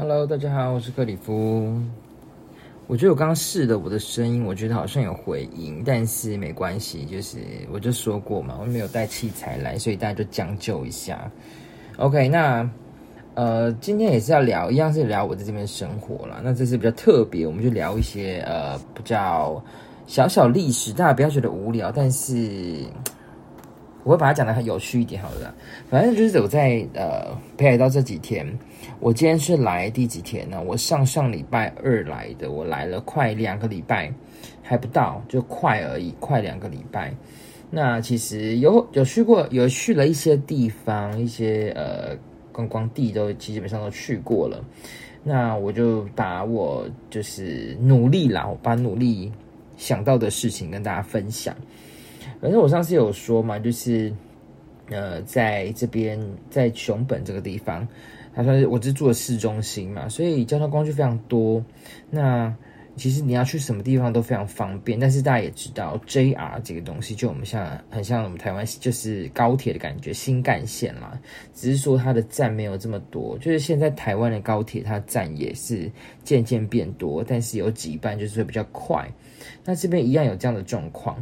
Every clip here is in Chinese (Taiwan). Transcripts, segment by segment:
Hello，大家好，我是克里夫。我覺得我剛剛試的我的聲音，我覺得好像有回音，但是沒關係，就是我就說過嘛，我沒有帶器材來，所以大家就將就一下。OK，那呃，今天也是要聊，一樣是聊我在這邊生活啦，那這是比較特別，我們就聊一些呃比較小小歷史，大家不要覺得無聊，但是我會把它講得很有趣一點好了。反正就是我在呃北海道這幾天。我今天是來第幾天呢？我上上禮拜二來的，我來了快兩個禮拜，還不到就快而已，快兩個禮拜。那其實有有去過，有去了一些地方，一些呃觀光光地都，其實基本上都去過了。那我就把我就是努力啦，我把努力想到的事情跟大家分享。反正我上次有說嘛，就是呃，在這邊在熊本這個地方，他說：“我只是住的市中心嘛，所以交通工具非常多。那其實你要去什麼地方都非常方便。但是大家也知道，JR 這個東西，就我們像很像我們台灣就是高鐵的感覺，新幹線啦。只是說它的站沒有這麼多，就是現在台灣的高鐵它站也是漸漸變多，但是有幾班就是會比較快。那這邊一樣有這樣的狀況，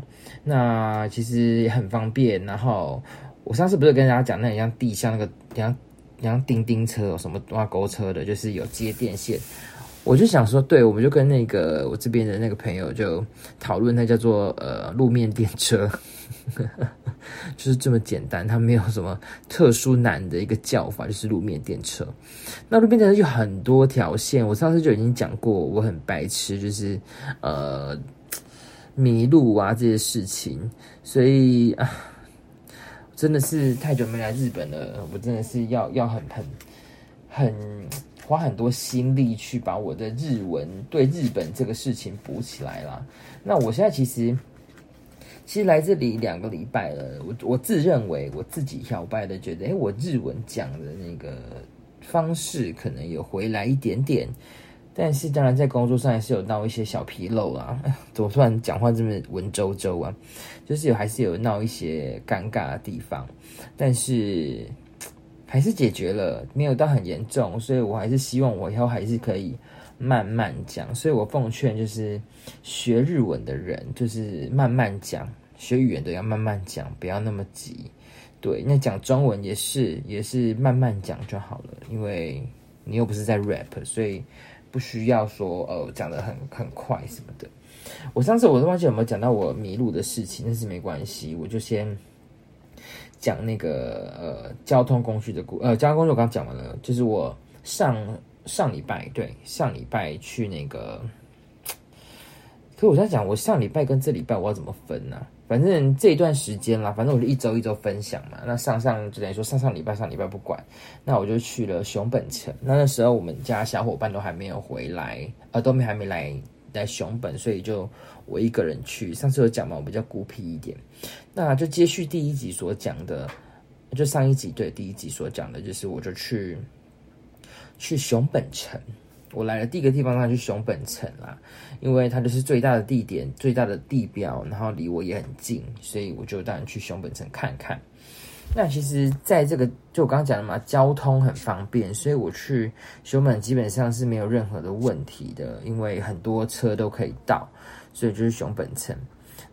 那其實也很方便。然後我上次不是跟大家講，那很像地下那個，像……”像叮叮車、哦、什麼掛鈎車的，就是有接電線。我就想說，對，我們就跟那個我這邊的那個朋友就討論，那叫做呃路面電車， 就是這麼簡單，它沒有什麼特殊難的一個叫法，就是路面電車。那路面電車有很多條線，我上次就已經講過，我很白痴，就是呃迷路啊這些事情，所以啊。真的是太久沒來日本了，我真的是要要很很很花很多心力去把我的日文對日本這個事情補起來啦。那我現在其實其實來這裡兩個禮拜了，我我自認為我自己搖擺的覺得，誒，我日文講的那個方式可能有回來一點點。但是當然，在工作上還是有鬧一些小紕漏啦、啊。怎麼講話這麼文縐縐啊？就是有還是有鬧一些尷尬的地方，但是還是解決了，沒有到很嚴重。所以我還是希望我以後還是可以慢慢講。所以我奉勸就是學日文的人，就是慢慢講；學語言的要慢慢講，不要那麼急。對，那講中文也是，也是慢慢講就好了，因為你又不是在 rap，所以。不需要說呃講的很、很快什麼的。我上次我都忘記有沒有講到我迷路的事情，但是沒關係，我就先講那個呃交通工具的故、呃交通工具我剛剛講完了，就是我上上禮拜對上禮拜去那個，可我在講我上禮拜跟這禮拜我要怎麼分呢、啊？反正這一段時間啦，反正我就一周一周分享嘛。那上上就等於說，上上禮拜上禮拜不管，那我就去了熊本城。那那時候我們家小伙伴都還沒有回來，呃、都還沒來、來熊本，所以就我一個人去。上次有講嘛，我比較孤僻一點。那就接續第一集所講的，就上一集對第一集所講的，就是我就去去熊本城。我來的第一個地方呢，那就是熊本城啦，因為它就是最大的地點，最大的地標，然後離我也很近，所以我就當然去熊本城看看。那其實在這個，就我剛剛講的嘛，交通很方便，所以我去熊本基本上是沒有任何的問題的，因為很多車都可以到，所以就是熊本城。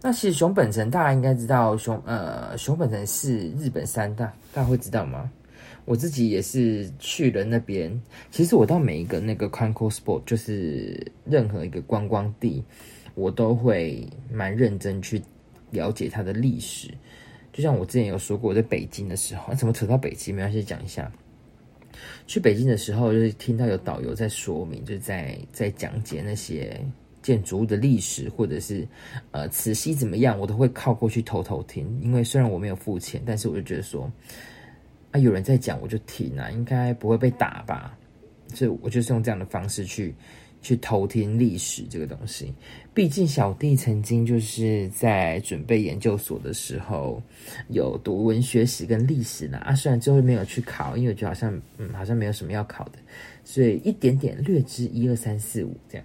那其實熊本城大家應該知道熊，熊呃熊本城是日本三大，大家會知道嗎？我自己也是去了那邊。其實我到每一個那個 kankou spot，就是任何一個觀光地，我都會蠻認真去了解它的歷史。就像我之前有說過，在北京的時候，怎麼扯到北京？沒關係，講一下。去北京的時候，就是聽到有導遊在說明，就在在講解那些建築物的歷史，或者是呃，慈禧怎麼樣，我都會靠過去偷偷聽。因為雖然我沒有付錢，但是我就覺得說。啊，有人在講，我就停啊，應該不會被打吧？所以，我就是用這樣的方式去去偷聽歷史這個東西。畢竟小弟曾經就是在準備研究所的時候，有讀文學史跟歷史啦啊，啊雖然最後沒有去考，因為我覺得好像嗯，好像沒有什麼要考的。所以一點點略知一二三四五這樣，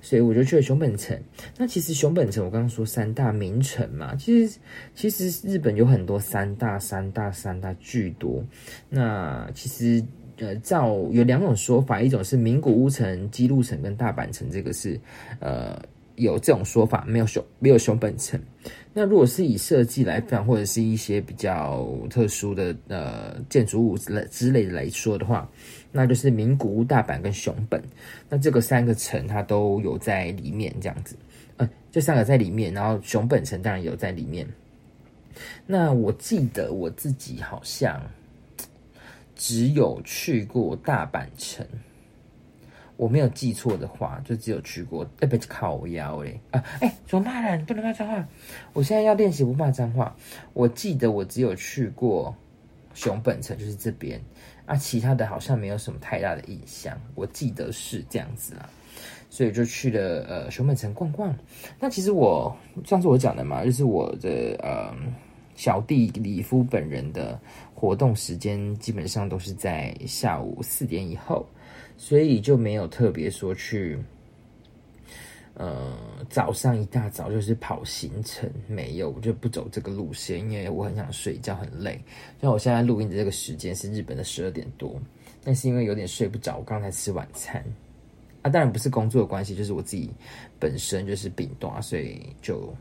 所以我就去了熊本城。那其實熊本城，我剛剛說三大名城嘛，其實其實日本有很多三大三大三大巨多。那其實呃，照有兩種說法，一種是名古屋城、姬路城跟大阪城，這個是呃有這種說法，沒有熊沒有熊本城。那如果是以設計來分，或者是一些比較特殊的呃建築物之之類的來說的話。那就是名古屋、大阪跟熊本，那這個三個城它都有在裡面，這樣子，嗯，這三個在裡面，然後熊本城當然有在裡面。那我記得我自己好像只有去過大阪城，我沒有記錯的話，就只有去過。哎、呃，不是靠腰哎，啊，哎，怎麼罵人？不能罵髒話。我現在要練習不罵髒話。我記得我只有去過熊本城，就是這邊。啊，其他的好像沒有什麼太大的印象，我記得是這樣子啦，所以就去了呃熊本城逛逛。那其實我上次我講的嘛，就是我的呃小弟里夫本人的活動時間基本上都是在下午四點以後，所以就沒有特別說去。呃，早上一大早就是跑行程，沒有，我就不走這個路線，因為我很想睡覺，很累。像我現在錄音的這個時間是日本的十二點多，但是因為有點睡不着。我剛才吃晚餐，啊，當然不是工作的關係，就是我自己本身就是病多，所以就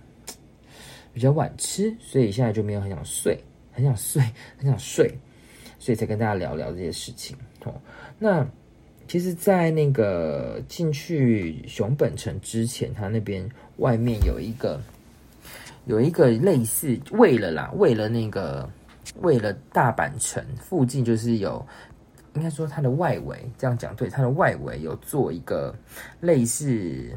比較晚吃，所以現在就沒有很想睡，很想睡，很想睡，所以才跟大家聊聊這些事情。哦，那。其實，在那個進去熊本城之前，它那邊外面有一個，有一個類似為了啦，為了那個為了大阪城附近，就是有應該說它的外圍，這樣講，對，它的外圍有做一個類似。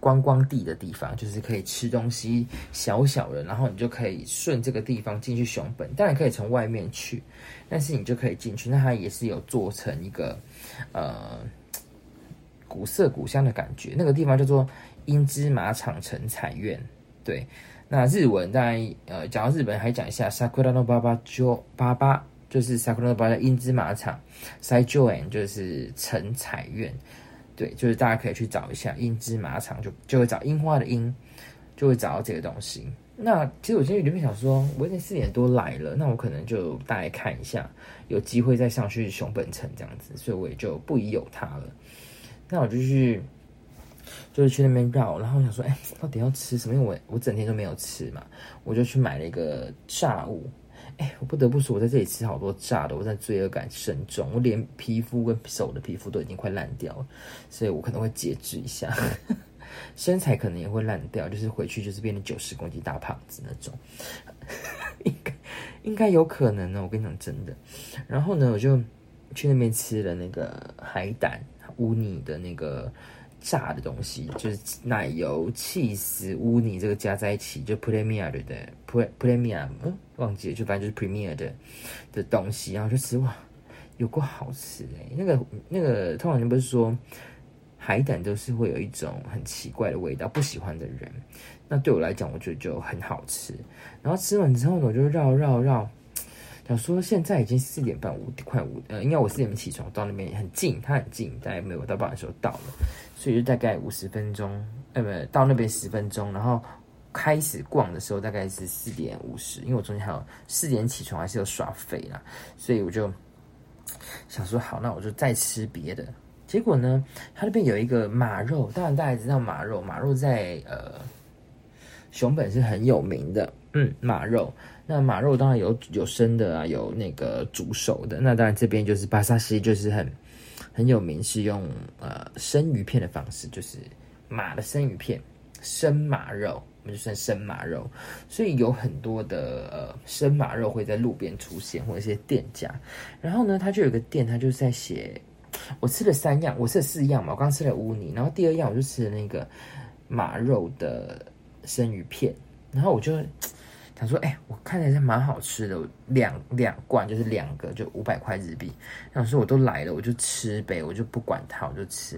觀光地的地方，就是可以吃東西小小的，然後你就可以順這個地方進去熊本。當然可以從外面去，但是你就可以進去。那它也是有做成一個，呃，古色古香的感覺。那個地方叫做櫻之馬場城彩苑。對，那日文當然，呃，講到日本還講一下 Sakura no Baba Jo Baba，就是 Sakura no Baba 的櫻之馬場 Saien 就是城彩苑。對，就是大家可以去找一下櫻之馬場就就會找櫻花的櫻，就會找到這個東西。那其實我現在原本想說，我已經四點多來了，那我可能就大概看一下，有機會再上去熊本城這樣子，所以我也就不疑有他了。那我就去，就是去那邊繞，然後想說，哎、欸，到底要吃什麼？因為我我整天都沒有吃嘛，我就去買了一個炸物。哎、欸，我不得不說，我在這裡吃好多炸的，我在罪惡感深重。我連皮膚跟手的皮膚都已經快爛掉了，所以我可能會節制一下， 身材可能也會爛掉，就是回去就是變成九十公斤大胖子那種， 應該應該有可能呢，我跟你講真的。然後呢，我就去那邊吃了那個海膽烏泥的那個。炸的東西就是奶油、起司、烏泥這個加在一起，就 premium 的 pre premium，嗯，忘記了，就反正就是 premium 的的東西，然後就吃哇，有夠好吃誒。那個那個，通常就不是說海膽都是會有一種很奇怪的味道，不喜歡的人，那對我來講，我覺得就很好吃。然後吃完之後呢，我就繞繞繞。想說現在已經四點半，五快五呃，應該我四點起床，到那邊也很近，它很近，大概沒有我到傍晚時候到了，所以就大概五十分鐘，呃不，到那邊十分鐘，然後開始逛的時候大概是四點五十，因為我中間還有四點起床還是有耍廢啦。所以我就想說好，那我就再吃別的。結果呢，它那邊有一個馬肉，當然大家也知道馬肉，馬肉在呃熊本是很有名的。嗯，馬肉，那馬肉當然有有生的啊，有那個煮熟的。那當然這邊就是巴沙西，就是很很有名，是用呃生魚片的方式，就是馬的生魚片，生馬肉，我們就算生馬肉。所以有很多的呃生馬肉會在路邊出現，或者是店家。然後呢，他就有個店，他就是在寫，我吃了三樣，我吃了四樣嘛，我剛吃了烏泥，然後第二樣我就吃了那個馬肉的生魚片，然後我就。他說：“哎、欸，我看起來是蠻好吃的，兩兩罐就是兩個，就五百塊日幣。他說：我都來了，我就吃唄，我就不管它，我就吃。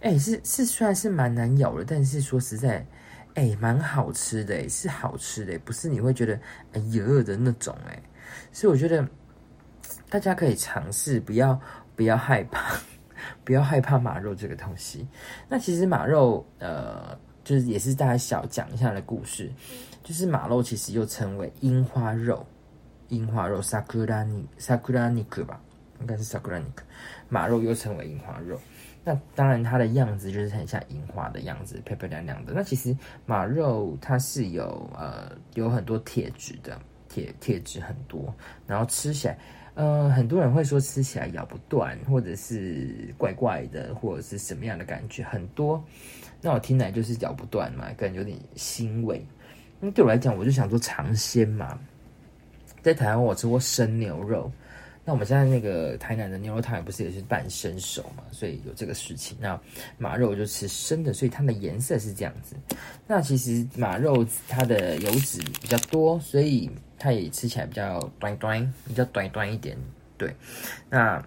哎、欸，是是，雖然是蠻難咬的，但是說實在，哎、欸，蠻好吃的、欸，是好吃的、欸，不是你會覺得哎餓的那種、欸，哎。所以我覺得大家可以嘗試，不要不要害怕， 不要害怕馬肉這個東西。那其實馬肉，呃，就是也是大家小講一下的故事。”就是馬肉其實又稱為櫻花肉，櫻花肉 sakura niku，sakura niku 吧，應該是 sakura niku，馬肉又稱為櫻花肉。那當然它的樣子就是很像櫻花的樣子，漂漂亮亮的。那其實馬肉它是有呃有很多鐵質的，鐵鐵質很多。然後吃起來，呃很多人會說吃起來咬不斷，或者是怪怪的，或者是什麼樣的感覺很多。那我聽來就是咬不斷嘛，感覺有點腥味。對我來講，我就想做嘗鮮嘛。在台灣，我吃過生牛肉。那我們現在那個台南的牛肉湯，不是也是半生熟嘛？所以有這個事情。那馬肉就吃生的，所以它的顏色是這樣子。那其實馬肉它的油脂比較多，所以它也吃起來比較短短，比較短短一點。對，那。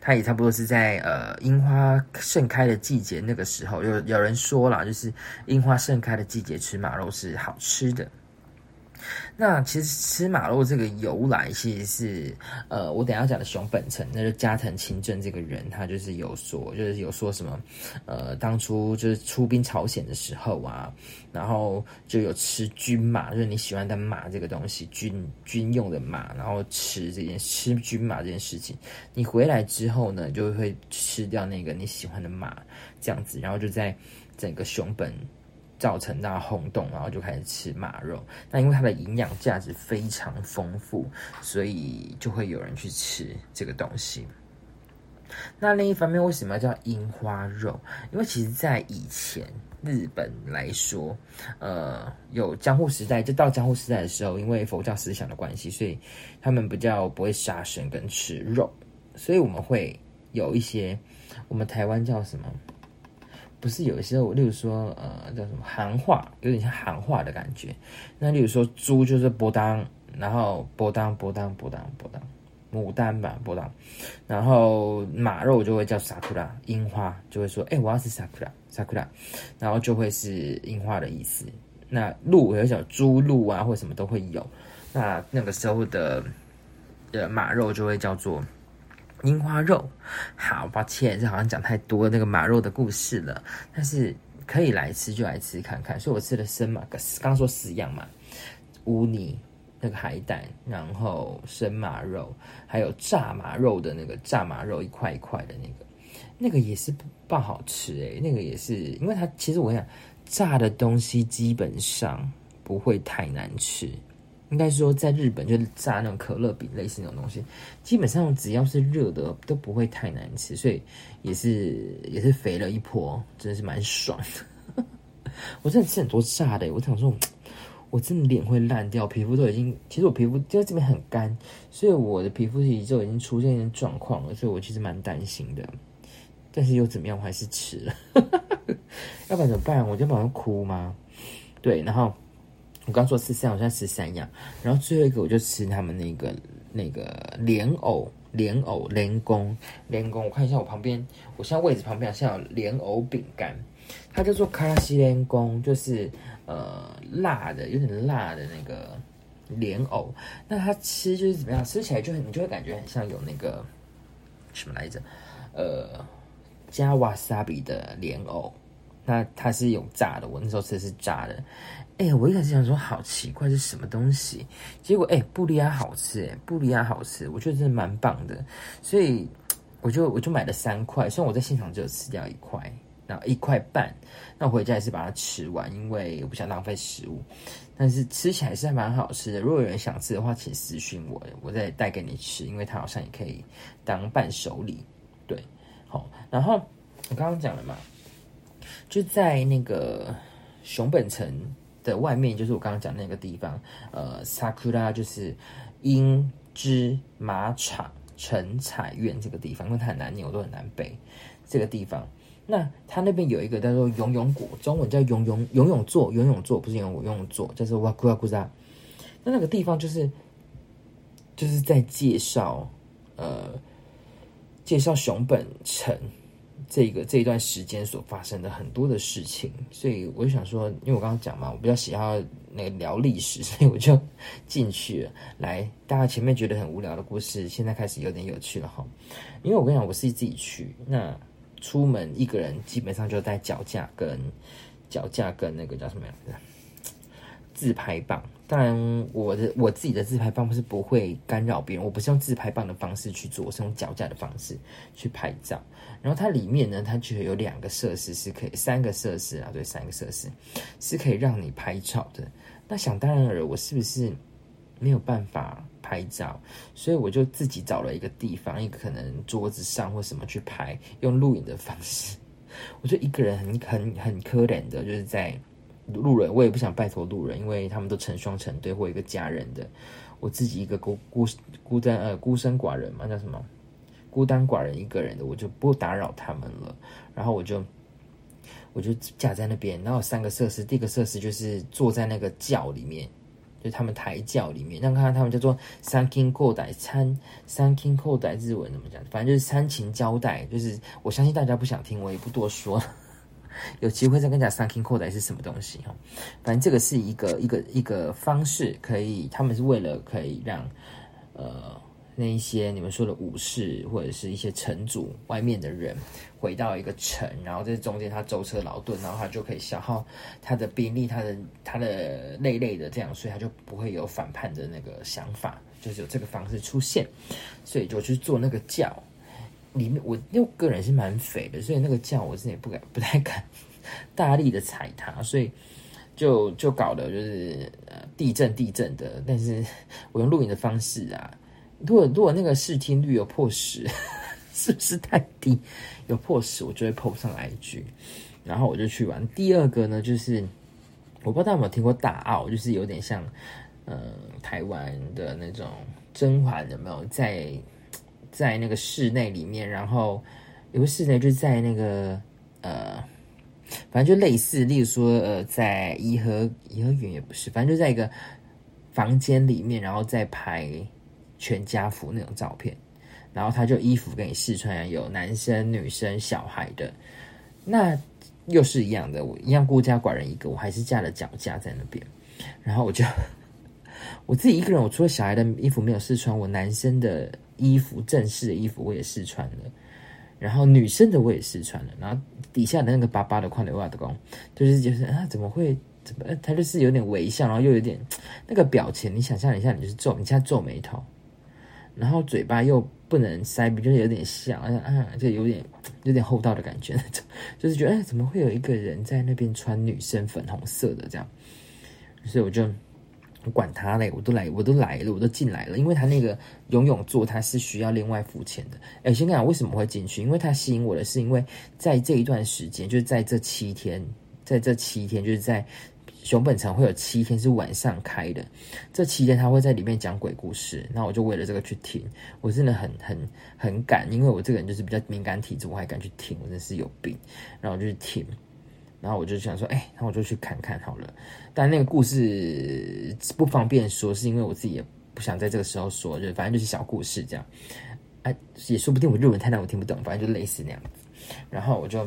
他也差不多是在呃櫻花盛開的季節那個時候，有有人說啦，就是櫻花盛開的季節吃馬肉是好吃的。那其實吃馬肉這個由來，其實是呃，我等一下講的熊本城，那就加藤清正這個人，他就是有說，就是有說什麼，呃，當初就是出兵朝鮮的時候啊，然後就有吃軍馬，就是你喜歡的馬這個東西，軍軍用的馬，然後吃這件吃軍馬這件事情，你回來之後呢，就會吃掉那個你喜歡的馬，這樣子，然後就在整個熊本。造成大轟動，然後就開始吃馬肉。那因為它的營養價值非常豐富，所以就會有人去吃這個東西。那另一方面，為什麼要叫櫻花肉？因為其實，在以前日本來說，呃，有江戶時代，就到江戶時代的時候，因為佛教思想的關係，所以他們比較不會殺生跟吃肉，所以我們會有一些我們台灣叫什麼？不是有一些，有些我例如說，呃，叫什麼行話，有點像行話的感覺。那例如說，豬就是波當，然後波當波當波當波當，牡丹吧波當，然後馬肉就會叫薩庫拉，櫻花就會說，哎、欸，我要是薩庫拉，薩庫拉，然後就會是櫻花的意思。那鹿也有，叫豬鹿啊，或者什麼都會有。那那個時候的的、呃、馬肉就會叫做。櫻花肉，好抱歉，這好像講太多那個馬肉的故事了。但是可以來吃就來吃看看。所以我吃了生馬，剛剛說四樣嘛。烏泥那個海膽，然後生馬肉，還有炸馬肉的那個炸馬肉，一塊一塊的那個，那個也是不好吃誒、欸，那個也是，因為它其實我想炸的東西基本上不會太難吃。應該說，在日本就是炸那種可樂餅類似那種東西，基本上只要是熱的都不會太難吃，所以也是也是肥了一波，真的是蠻爽的。 我真的吃很多炸的、欸，我想說，我真的臉會爛掉，皮膚都已經，其實我皮膚就在這邊很乾，所以我的皮膚其實就已經出現一些狀況了，所以我其實蠻擔心的。但是又怎麼樣，我還是吃了， 要不然怎麼辦、啊？我就把它哭嘛。對，然後。我剛說吃三樣，我現在吃三樣，然後最後一個我就吃他們那個那個蓮藕、蓮藕、蓮根、蓮根。我看一下我旁邊，我現在位置旁邊好像有蓮藕餅乾，它叫做卡拉西蓮根，就是呃辣的，有點辣的那個蓮藕。那它吃就是怎麼樣？吃起來就很，你就會感覺很像有那個什麼來着？呃，加瓦薩比的蓮藕。那它，它是有炸的，我那時候吃的是炸的。哎、欸，我一開始想說好奇怪，是什麼東西，結果哎、欸，布利亞好吃哎、欸，布利亞好吃，我覺得真的蠻棒的。所以我就我就買了三塊，雖然我在現場只有吃掉一塊，然後一塊半，那我回家也是把它吃完，因為我不想浪費食物。但是吃起來是還蠻好吃的。如果有人想吃的話，請私訊我，欸，我再帶給你吃，因為它好像也可以當伴手禮。對，好，然後我剛剛講了嘛。就在那個熊本城的外面，就是我剛剛講那個地方，呃，薩庫拉就是櫻之馬場城彩苑這個地方，因為它很難念，我都很難背這個地方。那它那邊有一個叫做游泳泳果，中文叫游泳游泳座，游泳座不是游泳館，游泳座叫做哇咕哇咕扎。那那個地方就是就是在介紹，呃，介紹熊本城。這個這一段時間所發生的很多的事情，所以我就想說，因為我剛剛講嘛，我比較喜歡那個聊歷史，所以我就進去了。來，大家前面覺得很無聊的故事，現在開始有點有趣了吼。因為我跟你講，我是自己去，那出門一個人基本上就帶腳架跟腳架跟那個叫什麼來着？自拍棒，當然我的我自己的自拍棒不是不會干擾別人，我不是用自拍棒的方式去做，我是用腳架的方式去拍照。然後它裡面呢，它其實有兩個設施是可以，三個設施啊，對，三個設施是可以讓你拍照的。那想當然爾，我是不是沒有辦法拍照？所以我就自己找了一個地方，一個可能桌子上或什麼去拍，用錄影的方式。我就一個人很很很可憐的，就是在。路人，我也不想拜託路人，因為他們都成雙成對，或一個家人的，我自己一個孤孤孤單呃孤身寡人嘛，叫什麼孤單寡人一個人的，我就不打擾他們了。然後我就我就架在那邊，然後有三個設施，第一個設施就是坐在那個轎裡面，就他們抬轎裡面。那看看他們叫做參勤交代，三參勤交代日文怎麼講？反正就是參勤交代，就是我相信大家不想聽，我也不多說。有機會再跟你講 sankin kotai 是什麼東西，反正這個是一個一個一個方式，可以他們是為了可以讓呃那一些你們說的武士或者是一些城主外面的人回到一個城，然後在中間他舟車勞頓，然後他就可以消耗他的兵力，他的他的累累的這樣，所以他就不會有反叛的那個想法，就是有這個方式出現，所以就去做那個教。裡面我因為個人是蠻肥的，所以那個叫，我自己不敢，不太敢大力的踩它，所以就就搞得，就是地震地震的。但是我用錄影的方式啊，如果如果那個視聽率有破十，是不是太低？有破十我就會破不上來一句，然後我就去玩。第二個呢，就是我不知道大家有沒有聽過大奧，就是有點像嗯、呃、台灣的那種甄嬛有沒有在？在那個室內裡面，然後有個室內就在那個呃，反正就類似，例如說呃，在頤和頤和園也不是，反正就在一個房間裡面，然後再拍全家福那種照片。然後他就衣服給你試穿啊，有男生、女生、小孩的，那又是一樣的，我一樣孤家寡人一個，我還是架了腳架在那邊，然後我就。我自己一個人，我除了小孩的衣服沒有試穿，我男生的衣服、正式的衣服我也試穿了，然後女生的我也試穿了，然後底下的那個巴巴的寬腿襪的工，就是就是啊，怎麼會？怎麼、啊、他就是有點微笑，然後又有點那個表情，你想象一下，你就是皺，你現在皺眉頭，然後嘴巴又不能塞，就是有點像，啊，啊就有點有點厚道的感覺，就、就是覺得哎、啊，怎麼會有一個人在那邊穿女生粉紅色的這樣？所以我就。我管他嘞，我都來，我都來了，我都進來了。因為他那個游泳座，他是需要另外付錢的。哎，先講為什麼會進去，因為他吸引我的是，因為在這一段時間，就是在這七天，在這七天，就是在熊本城會有七天是晚上開的，這七天他會在裡面講鬼故事。那我就為了這個去聽，我真的很很很敢，因為我這個人就是比較敏感體質，我還敢去聽，我真是有病。然後我就是聽。然後我就想說，哎、欸，然後我就去看看好了。但那個故事不方便說，是因為我自己也不想在這個時候說，就反正就是小故事這樣。哎、啊，也說不定我日文太難，我聽不懂，反正就類似那樣子。然後我就。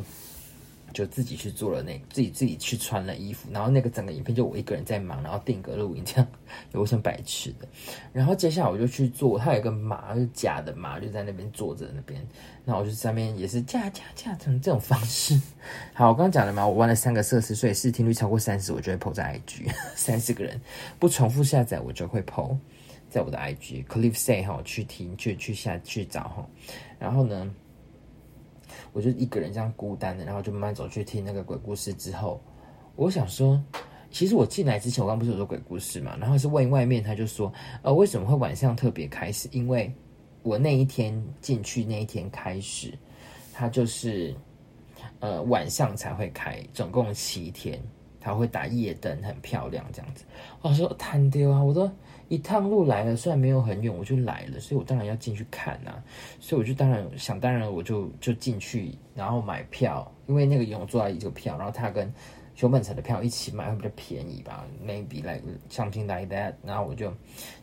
就自己去做了，那自己自己去穿了衣服，然後那個整個影片就我一個人在忙，然後定格錄影。這樣，有像白痴的。然後接下來我就去做，他有一個馬，就是、假的馬，就在那邊坐着那邊。那我就上面也是架架架，成這種方式？好，我剛剛講了嘛，我玩了三個設施，所以試聽率超過三十，我就會 po 在 IG。三十個人不重複下載，我就會 po 在我的 IG。Cliffsay 哈，去聽去下去找哈。然後呢？我就一個人這樣孤單的，然後就慢慢走去聽那個鬼故事。之後，我想說，其實我進來之前，我剛不是有說鬼故事嘛？然後是問外面，他就說，呃，為什麼會晚上特別開始？因為我那一天進去那一天開始，他就是，呃，晚上才會開，總共七天。它會打夜燈，很漂亮，這樣子。我說攤丟啊！我說一趟路來了，雖然沒有很遠，我就來了，所以我當然要進去看啊。所以我就當然想當然，我就就進去，然後買票，因為那個游泳座在一個票，然後他跟熊本城的票一起買會比較便宜吧，maybe like something like that。然後我就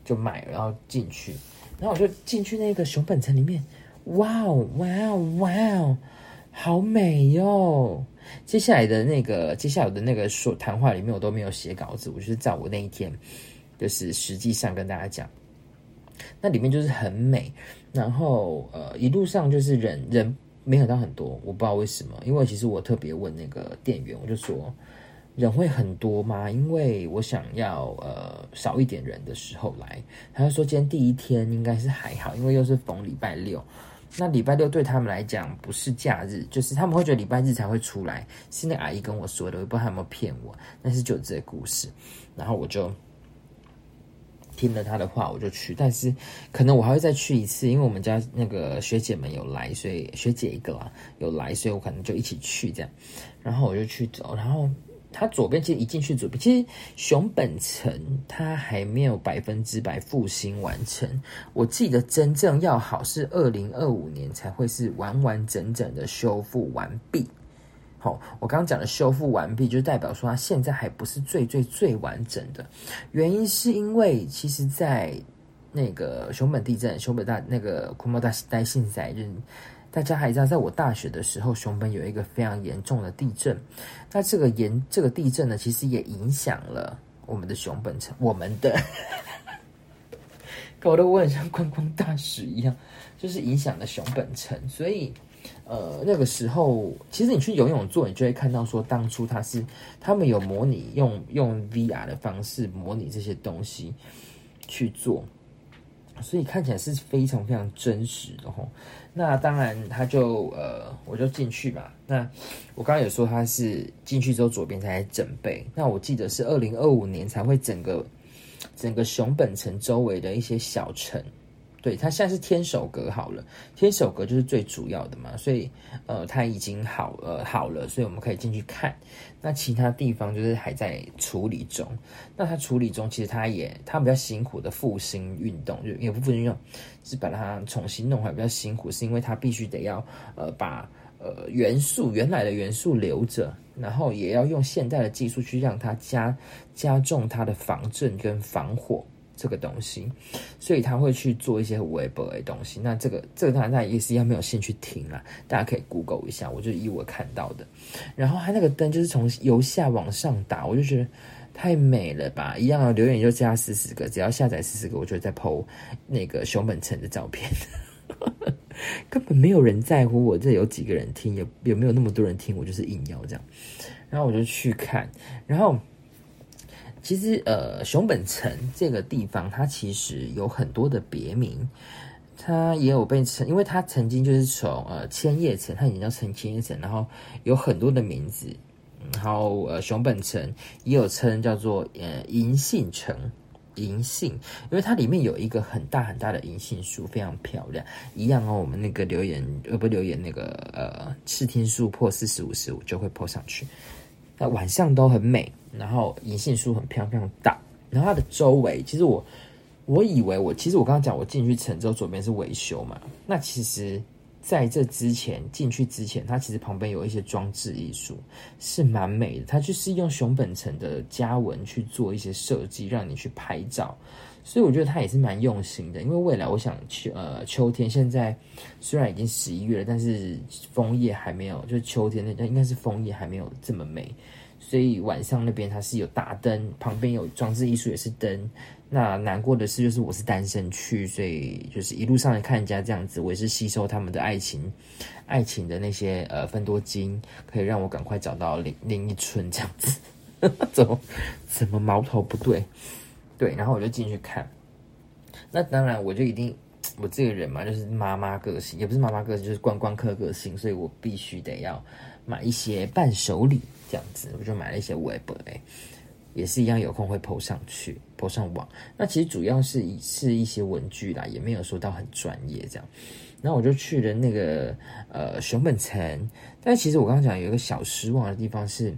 就買，然後進去，然後我就進去那個熊本城裡面，哇哇哇，好美喲、哦！接下來的那個，接下來的那個說談話裡面，我都沒有寫稿子，我就是照我那一天，就是實際上跟大家講，那裡面就是很美，然後呃，一路上就是人人沒有到很多，我不知道為什麼，因為其實我特別問那個店員，我就說人會很多嗎？因為我想要呃少一點人的時候來，他就說今天第一天應該是還好，因為又是逢禮拜六。那禮拜六對他們來講不是假日，就是他們會覺得禮拜日才會出來。是那阿姨跟我說的，我不知道他們騙我，但是就這故事，然後我就聽了他的話，我就去。但是可能我還會再去一次，因為我們家那個學姐們有來，所以學姐一個、啊、有來，所以我可能就一起去這樣。然後我就去走，然後。它左邊其實一進去左邊，其實熊本城它還沒有百分之百復興完成。我記得真正要好是二零二五年才會是完完整整的修復完畢。好，我剛剛講的修復完畢，就代表說它現在還不是最最最完整的。原因是因為其實，在那個熊本地震、熊本大那個熊本大震災。那個大家還知道，在我大學的時候，熊本有一個非常嚴重的地震。那這個嚴，這個地震呢，其實也影響了我們的熊本城。我們的 搞得我很像觀光大使一樣，就是影響了熊本城。所以，呃，那個時候，其實你去游泳做，你就會看到說，當初他是他們有模擬用用 VR 的方式模擬這些東西去做。所以看起來是非常非常真實的哦，那當然，他就呃，我就進去吧。那我剛剛有說他是進去之後左邊才在整備。那我記得是二零二五年才會整個整個熊本城週圍的一些小城。對，它現在是天守閣好了，天守閣就是最主要的嘛，所以呃，它已經好呃好了，所以我們可以進去看。那其他地方就是還在處理中。那它處理中，其實它也它比較辛苦的復興運動，就也不復興運動是把它重新弄回來比較辛苦，是因為它必須得要呃把呃元素原來的元素留着，然後也要用現代的技術去讓它加加重它的防震跟防火。這個東西，所以他會去做一些 Web 的東西。那這個這個大家也是一樣沒有興趣聽啦。大家可以 Google 一下，我就以我看到的。然後他那個燈就是從由下往上打，我就覺得太美了吧。一樣、啊、留言就加四十個，只要下載四十個，我就會再 po 那個熊本城的照片。 根本沒有人在乎我這有幾個人聽，有有沒有那麼多人聽，我就是硬要這樣。然後我就去看，然後。其實，呃，熊本城這個地方，它其實有很多的別名，它也有被稱，因為它曾經就是從呃千葉城，它已經叫成千葉城，然後有很多的名字，然後呃熊本城也有稱叫做呃銀杏城，銀杏，因為它裡面有一個很大很大的銀杏樹，非常漂亮。一樣哦，我們那個留言呃不留言那個呃視聽數破四十五十五就會 po 上去，那晚上都很美。然後銀杏樹很漂亮，非常大。然後它的周圍，其實我我以為我，其實我剛剛講我進去城之後左邊是維修嘛。那其實在這之前進去之前，它其實旁邊有一些裝置藝術，是蠻美的。它就是用熊本城的家紋去做一些設計，讓你去拍照。所以我覺得它也是蠻用心的。因為未來我想去呃秋天，現在雖然已經十一月了，但是楓葉還沒有，就是秋天那應該是楓葉還沒有這麼美。所以晚上那邊它是有大燈，旁邊有裝置藝術也是燈。那難過的是，就是我是單身去，所以就是一路上來看人家這樣子，我也是吸收他們的愛情，愛情的那些呃芬多精，可以讓我趕快找到另另一春這樣子。呵呵怎麼怎麼矛頭不對？對，然後我就進去看。那當然，我就一定我這個人嘛，就是媽媽個性，也不是媽媽個性，就是觀光客個性，所以我必須得要買一些伴手禮。這樣子，我就買了一些 Web 哎，也是一樣，有空會 PO 上去，PO 上網。那其實主要是是一些文具啦，也沒有說到很專業這樣。然後我就去了那個呃熊本城，但其實我剛剛講有一個小失望的地方是，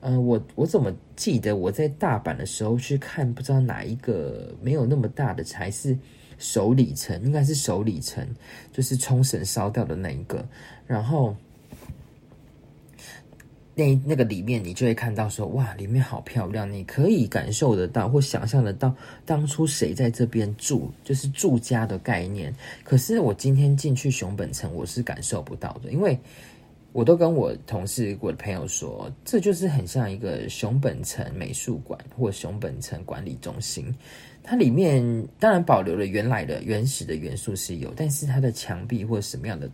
呃，我我怎麼記得我在大阪的時候去看，不知道哪一個沒有那麼大的才是首里城，應該是首里城，就是沖繩燒掉的那一個，然後。那那個裡面，你就會看到說，哇，裡面好漂亮！你可以感受得到，或想象得到，當初誰在這邊住，就是住家的概念。可是我今天進去熊本城，我是感受不到的，因為我都跟我同事、我的朋友說，這就是很像一個熊本城美術館或熊本城管理中心。它裡面當然保留了原來的原始的元素是有，但是它的牆壁或者什麼樣的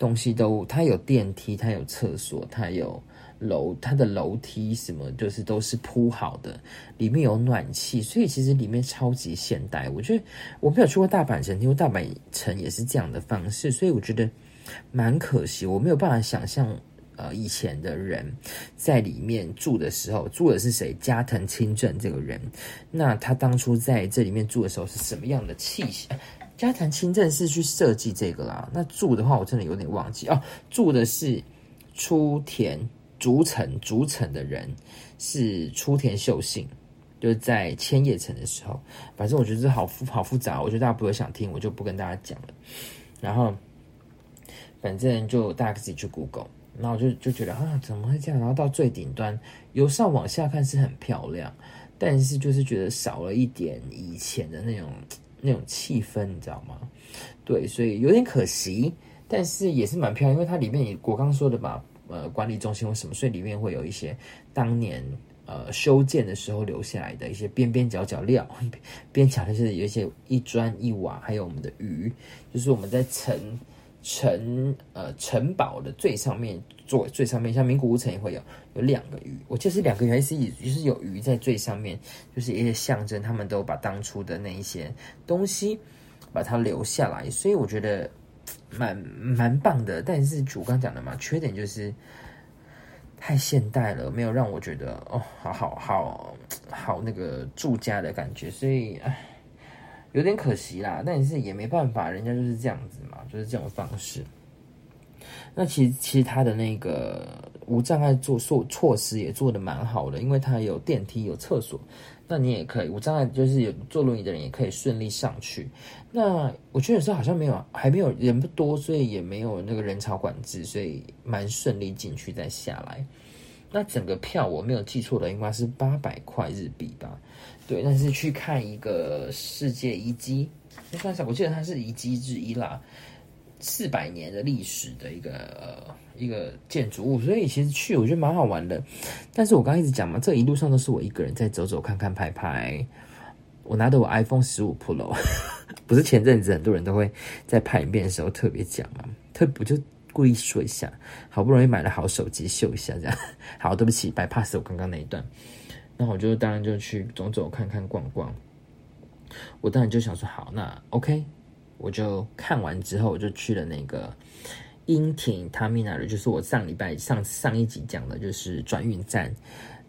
東西都，它有電梯，它有廁所，它有。樓它的樓梯什麼就是都是鋪好的，裡面有暖氣，所以其實裡面超級現代。我覺得我沒有去過大阪城，因為大阪城也是這樣的方式，所以我覺得蠻可惜。我沒有辦法想象，呃，以前的人在裡面住的時候，住的是誰？加藤清正這個人，那他當初在這裡面住的時候是什麼樣的氣息？加藤清正是去設計這個啦，那住的話，我真的有點忘記哦，住的是初田。築城築城的人是出田秀信，就是在千葉城的時候。反正我覺得這好復好複雜，我覺得大家不會想聽，我就不跟大家講了。然後，反正就大家自己去 Google。然後就就覺得啊，怎麼會這樣？然後到最頂端，由上往下看是很漂亮，但是就是覺得少了一點以前的那種那種氣氛，你知道嗎？對，所以有點可惜，但是也是蠻漂亮，因為它裡面也我剛說的吧。呃，管理中心或什麼，所以裡面會有一些當年呃修建的時候留下來的一些邊邊角角料，邊角就是有一些一磚一瓦，還有我們的魚，就是我們在城城呃城堡的最上面，最最上面，像名古屋城也會有有兩個魚，我記得是兩個魚還是就是有魚在最上面，就是一些象徵，他們都把當初的那一些東西把它留下來，所以我覺得。蠻蠻棒的，但是主剛講的嘛，缺點就是太現代了，沒有讓我覺得哦，好好好好那個住家的感覺，所以唉，有點可惜啦。但是也沒辦法，人家就是這樣子嘛，就是這種方式。那其實其實他的那個無障礙做措措施也做得蠻好的，因為他有電梯，有廁所。那你也可以，我剛才就是有坐輪椅的人也可以順利上去。那我去的時候好像沒有，還沒有人不多，所以也沒有那個人潮管制，所以蠻順利進去再下來。那整個票我沒有記錯的應該是八百塊日幣吧？對，但是去看一個世界遺跡，就算是，我記得它是遺跡之一啦。四百年的歷史的一個呃一個建築物，所以其實去我覺得蠻好玩的。但是我剛剛一直講嘛，這一路上都是我一個人在走走看看拍拍。我拿的我 iPhone 十五 Pro， 不是前陣子很多人都會在拍影片的時候特別講嘛，特我就故意說一下，好不容易買了好手機秀一下這樣。好，對不起，白 pass 我剛剛那一段。那我就當然就去走走看看逛逛。我當然就想說，好，那 OK。我就看完之後，我就去了那個櫻町 Terminal，就是我上禮拜上上一集講的，就是轉運站。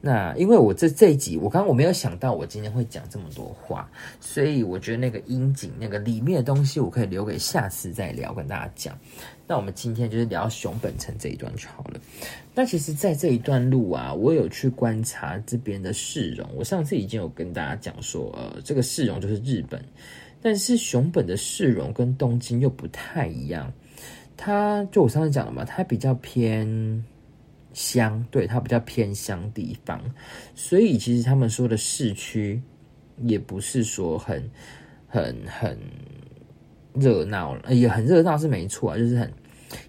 那因為我這這一集，我剛剛我沒有想到我今天會講這麼多話，所以我覺得那個櫻町那個裡面的東西，我可以留給下次再聊，跟大家講。那我們今天就是聊熊本城這一段就好了。那其實，在這一段路啊，我有去觀察這邊的市容。我上次已經有跟大家講說，呃，這個市容就是日本。但是熊本的市容跟東京又不太一樣，它就我上次講的嘛，它比較偏鄉，對，它比較偏鄉地方，所以其實他們說的市區，也不是說很很很熱鬧了，也很熱鬧是沒錯啊，就是很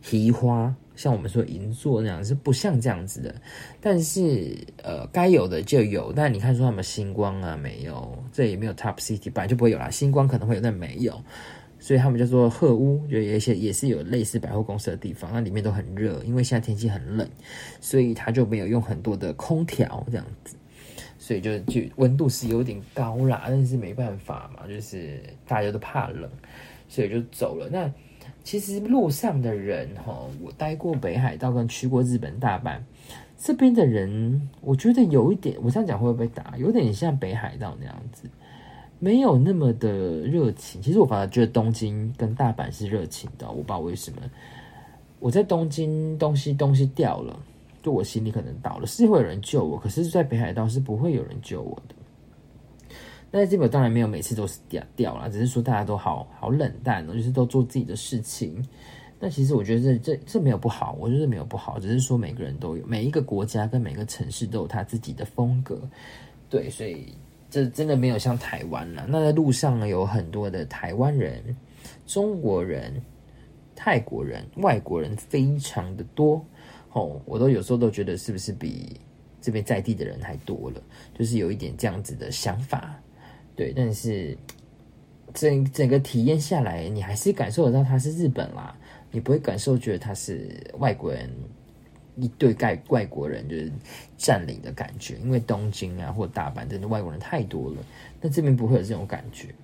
奇花。像我們說銀座那樣是不像這樣子的，但是呃該有的就有。但你看說他們星光啊沒有，這也沒有 top city，本來就不會有啦，星光可能會有，但沒有，所以他們叫做鶴屋，就有一些也是有類似百貨公司的地方，那裡面都很熱，因為現在天氣很冷，所以他就沒有用很多的空調這樣子。所以就就溫度是有點高啦，但是沒辦法嘛，就是大家都怕冷，所以就走了。那其實路上的人哈，我待過北海道跟去過日本大阪，這邊的人，我覺得有一點，我這樣講會不會被打？有點像北海道那樣子，沒有那麼的熱情。其實我反而覺得東京跟大阪是熱情的，我不知道為什麼。我在東京東西東西掉了。就我心裡可能倒了，是會有人救我，可是，在北海道是不會有人救我的。那日本當然沒有每次都是掉掉了，只是說大家都好好冷淡哦，就是都做自己的事情。那其實我覺得這這這沒有不好，我覺得沒有不好，只是說每個人都有，每一個國家跟每個城市都有他自己的風格，對，所以這真的沒有像台灣啦。那在路上呢，有很多的台灣人、中國人、泰國人、外國人，非常的多。哦，我都有時候都覺得是不是比這邊在地的人還多了，就是有一點這樣子的想法，對。但是整整個體驗下來，你還是感受得到他是日本啦，你不會感受覺得他是外國人一對蓋外國人就是佔領的感覺，因為東京啊或大阪真的外國人太多了，但這邊不會有這種感覺。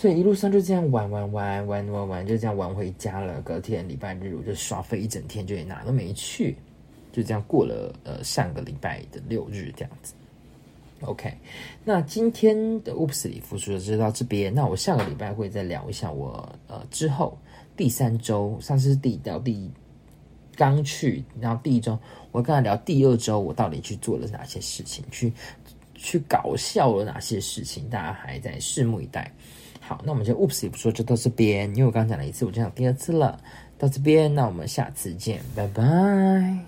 所以一路上就這樣玩玩玩玩玩玩，就這樣玩回家了。隔天禮拜日我就耍廢一整天，就也哪都沒去，就這樣過了。呃，上個禮拜的六日這樣子。OK，那今天的 Oops 里夫說就到這邊。那我下個禮拜會再聊一下我呃之後第三週，上次是第一到第一剛去，然後第一週我剛才聊第二週，我到底去做了哪些事情，去去搞笑了哪些事情，大家還在拭目以待。好，那我們就 Oops 也不說，就到這邊，因為我剛剛講了一次，我就講第二次了，到這邊，那我們下次見，拜拜。